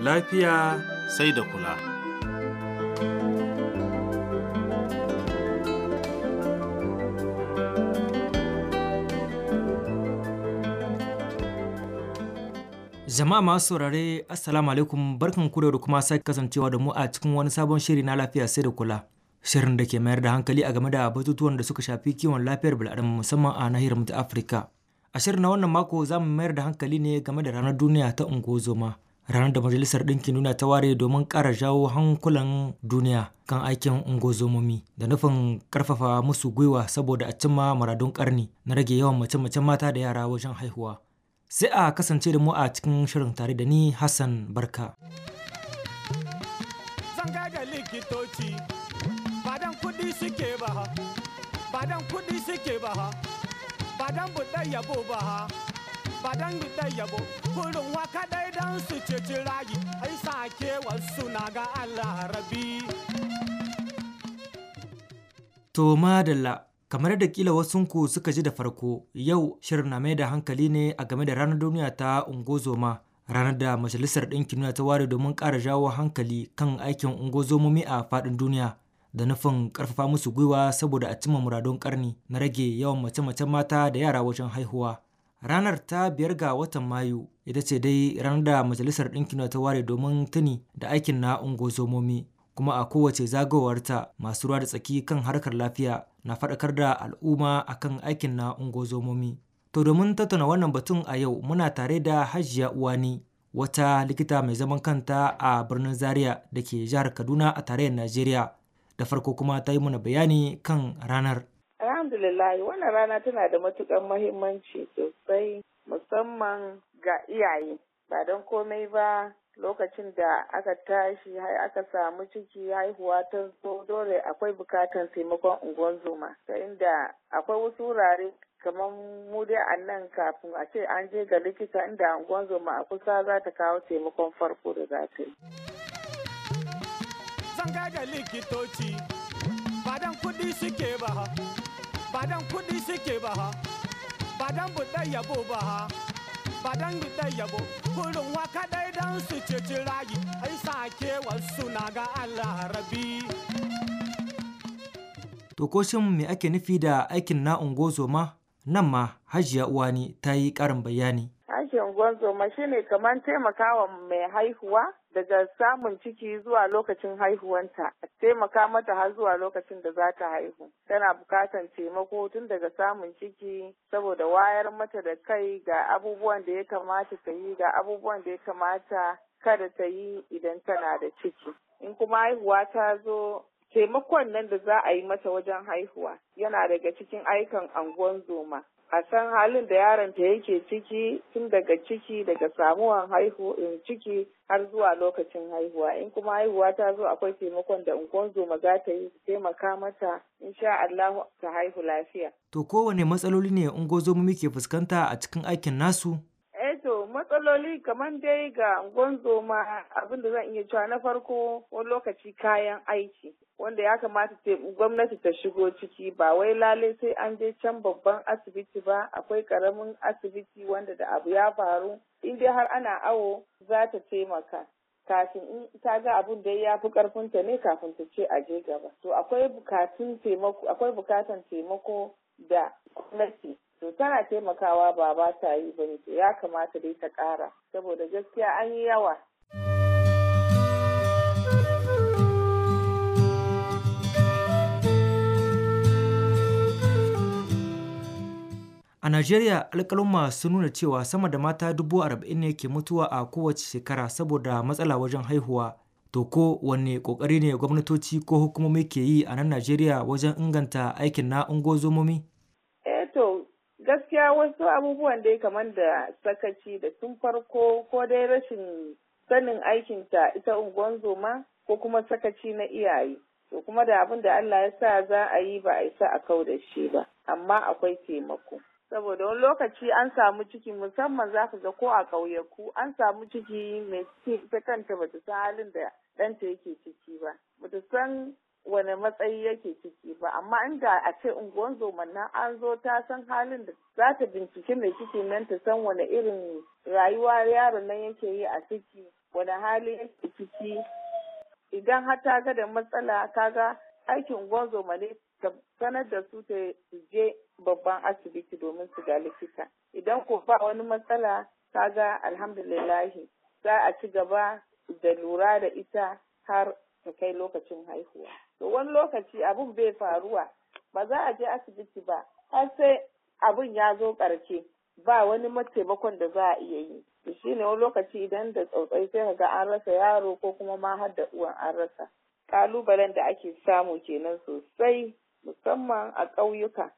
Lafiya sai da kula. Jama'a masu saurare Assalamu alaikum barkan ku da kuma sake kasancewa da mu a cikin wani sabon shiri na lafiya sai da kula. Shirin da ke mayar da hankali a game da batutuwan da suka shafi kiwon lafiyar bil'adama musamman a nahiyar mu Afirka. A shirin na wannan mako za mu mayar da hankali ne game da ranar duniya ta ungozoma. ranar da majalisar ɗinkin duniya ta ware domin ƙara jawo hankulan duniya kan aikin ungozomomi da nufin ƙarfafa musu gwiwa saboda a cimma maradun ƙarni na rage yawan mace-macen mata da yara wajen haihuwa sai a kasance da mu a cikin shirin tare da ni hassan barka badan suke ba ba dan da yabo kurin wa dan su ceci ragi ai sake wasu na ga Allah rabi to madalla kamar da kila wasunku suka ji da farko yau shirin na mai da hankali ne a game da ranar duniya ta ungozoma ranar da majalisar ɗinkin duniya ta ware domin ƙara jawo hankali kan aikin ungozomomi a faɗin duniya da nufin ƙarfafa musu gwiwa saboda a cimma muradun ƙarni na rage yawan mace-macen mata da yara wajen haihuwa ranar ta biyar ga watan mayu ita ce dai ranar da majalisar ɗinkin ta ware domin tuni da aikin na ungozomomi kuma a kowace zagowarta masu ruwa da tsaki kan harkar lafiya na faɗakar da al'umma a kan aikin na ungozomomi to domin tattauna wannan batun a yau muna tare da hajiya uwani wata likita mai zaman kanta a birnin zaria da ke jihar kaduna a tarayyar najeriya da farko kuma ta yi mana bayani kan ranar alhamdulillahi wannan rana tana da matuƙar mahimmanci sosai musamman ga iyaye ba don komai ba lokacin da aka tashi har aka samu ciki haihuwa ta zo dole akwai bukatan taimakon unguwar zoma ta inda akwai wasu wurare kamar mu a nan kafin a ce an je ga likita inda unguwar zoma a kusa za ta kawo taimakon farko da za ta yi. ga likitoci, ba dan kuɗi suke ba ba dan kuɗi suke ba ha ba dan yabo ba ha ba dan yabo kurin wa kaɗai dan su ceci rayu ai sake wasu na ga Allah rabi To ko shin me ake nufi da aikin na ungozoma nan ma Hajiya Uwani ta yi ƙarin bayani. aikin gwanzoma shine kamar taimakawa mai haihuwa daga samun ciki zuwa lokacin haihuwanta taimaka mata har zuwa lokacin da za ta haihu tana bukatan taimako tun daga samun ciki saboda wayar mata da kai ga abubuwan da ya kamata ta yi ga abubuwan da ya kamata kada ta yi idan tana da ciki in kuma haihuwa ta zo taimakon nan da za a yi mata wajen haihuwa yana daga cikin aikan anguwan zoma a san halin da yaron ta yake ciki tun daga ciki daga samuwan haihu eh, ciki har zuwa lokacin haihuwa in kuma haihuwa ta zo akwai taimakon da unguwar za ta yi taimaka mata insha Allah ta haihu lafiya to kowane matsaloli ne zoma muke fuskanta a cikin aikin nasu to matsaloli kamar dai ga gwanzoma ma abinda zan iya cewa na farko wani lokaci kayan aiki wanda ya kamata gwamnati ta shigo ciki ba wai lale sai an je can babban asibiti ba akwai karamin asibiti wanda da abu ya faru in dai har ana awo za ta taimaka kafin in ta ga abun da ya fi karfinta ne kafin ta ce a je gaba to akwai akwai bukatan taimako da gwamnati to tana taimakawa ba ba ta yi ba to ya kamata dai ta ƙara saboda gaskiya an yi yawa A Najeriya alƙaluma sun nuna cewa sama da mata dubu arba'in ne ke mutuwa a kowace shekara saboda matsala wajen haihuwa. To ko wanne ƙoƙari ne gwamnatoci ko hukumomi ke yi a nan Najeriya wajen inganta aikin na ungozomomi? gaskiya wasu abubuwan dai kamar da sakaci da tun farko ko dai rashin sanin aikinta ita unguwan zoma ko kuma sakaci na iyaye. To kuma da abin da Allah ya sa za a yi ba a isa a kau da shi ba, amma akwai taimako. Saboda wani lokaci an samu ciki musamman za ka ga ko a ƙauyaku an samu ciki mai ciki ita kanta bata san halin da ɗanta yake ciki ba. Bata san wani matsayi yake ciki ba amma inda a ce unguwan zoman nan an zo ta san halin da za ta binciki mai ciki nan ta san wani irin rayuwa yaron nan yake yi a ciki wani hali yake ciki idan har ta ga da matsala ga aikin unguwan zoma ne ta sanar da su ta je babban asibiti domin su ga likita idan ko ba wani matsala ga alhamdulillahi za a ci gaba da lura da ita har ta kai lokacin haihuwa. to wani lokaci abin bai faruwa ba za a je asibiti ba har sai abun ya zo ƙarshe ba wani mataimakon da za a iya yi to ne wani lokaci idan da tsautsai sai ga an rasa yaro ko kuma ma har da uwan an rasa ƙalubalen da ake samu kenan sosai musamman a ƙauyuka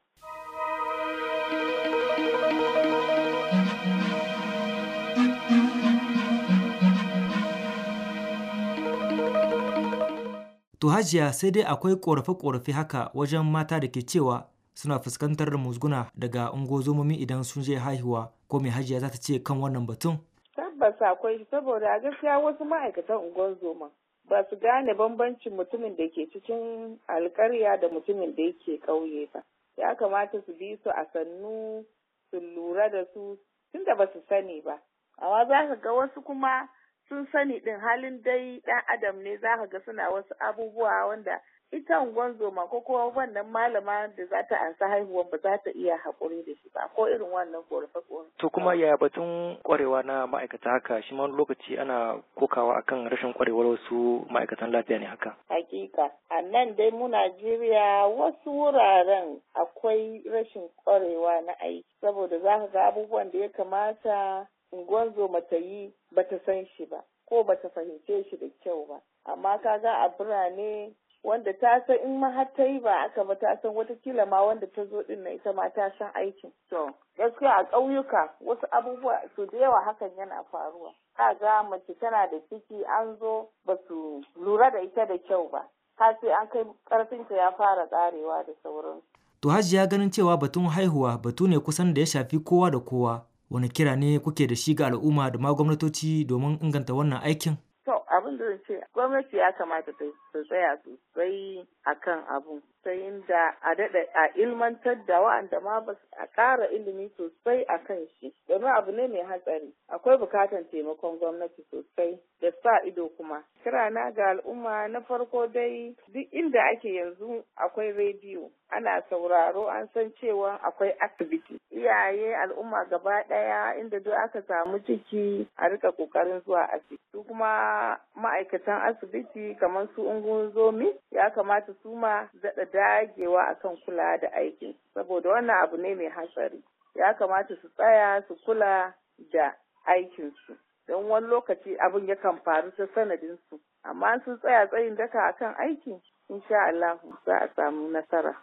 To hajiya sai dai akwai ƙorafe-ƙorafe haka wajen mata da ke cewa suna fuskantar musguna daga ungozomomi idan sun je haihuwa ko mai hajiya za ta ce kan wannan batun? Tabbas akwai saboda a gaskiya wasu ma'aikatan ungozoma ba su gane bambancin mutumin da ke cikin alkarya da mutumin da yake ƙauye ba. Ya kamata su bi su a sannu su lura da su tunda ba su sani ba. Amma za ka ga wasu kuma sun sani din halin dai ɗan adam ne za ka ga suna wasu abubuwa wanda ita ungwan ko kuma wannan malama da za ta ansa haihuwa ba za ta iya haƙuri da shi ba ko irin wannan korafe korafe. To kuma yaya batun ƙwarewa na ma'aikata haka shi ma lokaci ana kokawa akan rashin kwarewar wasu ma'aikatan lafiya ne haka. Hakika a nan dai mu Najeriya wasu wuraren akwai rashin ƙwarewa na aiki saboda za ka ga abubuwan da ya kamata unguwar zoma ta yi bata san shi ba ko bata fahimce shi da kyau ba amma kaga a birane wanda ta san in ma yi ba aka ba ta san wata kila ma wanda ta zo din na ita ma ta san aikin. To gaskiya a ƙauyuka wasu abubuwa su da yawa hakan yana faruwa. Kaga mace tana da ciki an zo ba su lura da ita da kyau ba. Ka sai an kai ƙarfinta ya fara ƙarewa da sauransu. To ya ganin cewa batun haihuwa batu ne kusan da ya shafi kowa da kowa wani kira ne kuke da shi ga al'umma da ma gwamnatoci domin inganta wannan aikin To abin da zan ce gwamnati ya kamata ta tsaya sosai akan abun ta da a daɗa a ilmantar da wa'anda ma ba a ƙara ilimi sosai a kan shi domin abu ne mai hatsari akwai bukatar taimakon gwamnati sosai da sa ido kuma kira na ga al'umma na farko dai duk inda ake yanzu akwai rediyo ana sauraro an san cewa akwai asibiti iyaye al'umma gaba ɗaya inda duk aka samu ciki a rika ƙoƙarin zuwa asibiti su kuma ma'aikatan asibiti kamar su ungun zomi ya kamata su ma daɗa dagewa akan kula da aikin saboda wannan abu ne mai hatsari ya kamata su tsaya su kula da aikinsu don wani lokaci abin yakan faru ta sanadinsu amma sun tsaya tsayin daka akan aiki insha Allah za a samu nasara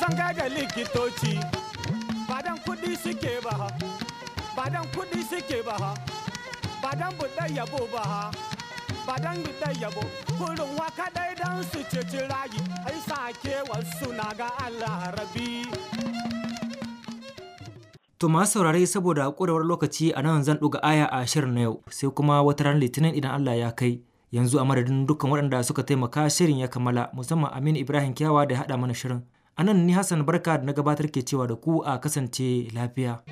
zan ga likitoci ba dan kudi suke ba ba dan kudi suke ba ba dan yabo ba ba dan da yabo kurin wa kadai dan su cici rayi ai sake wasu na ga Allah rabi To ma saurare saboda ƙurewar lokaci a nan zan ɗuga aya a shirin na yau sai kuma wata ran litinin idan Allah ya kai yanzu a madadin dukkan waɗanda suka taimaka shirin ya kammala musamman Aminu Ibrahim Kyawa da haɗa mana shirin. A nan ni Hassan Barka da na gabatar ke cewa da ku a kasance lafiya.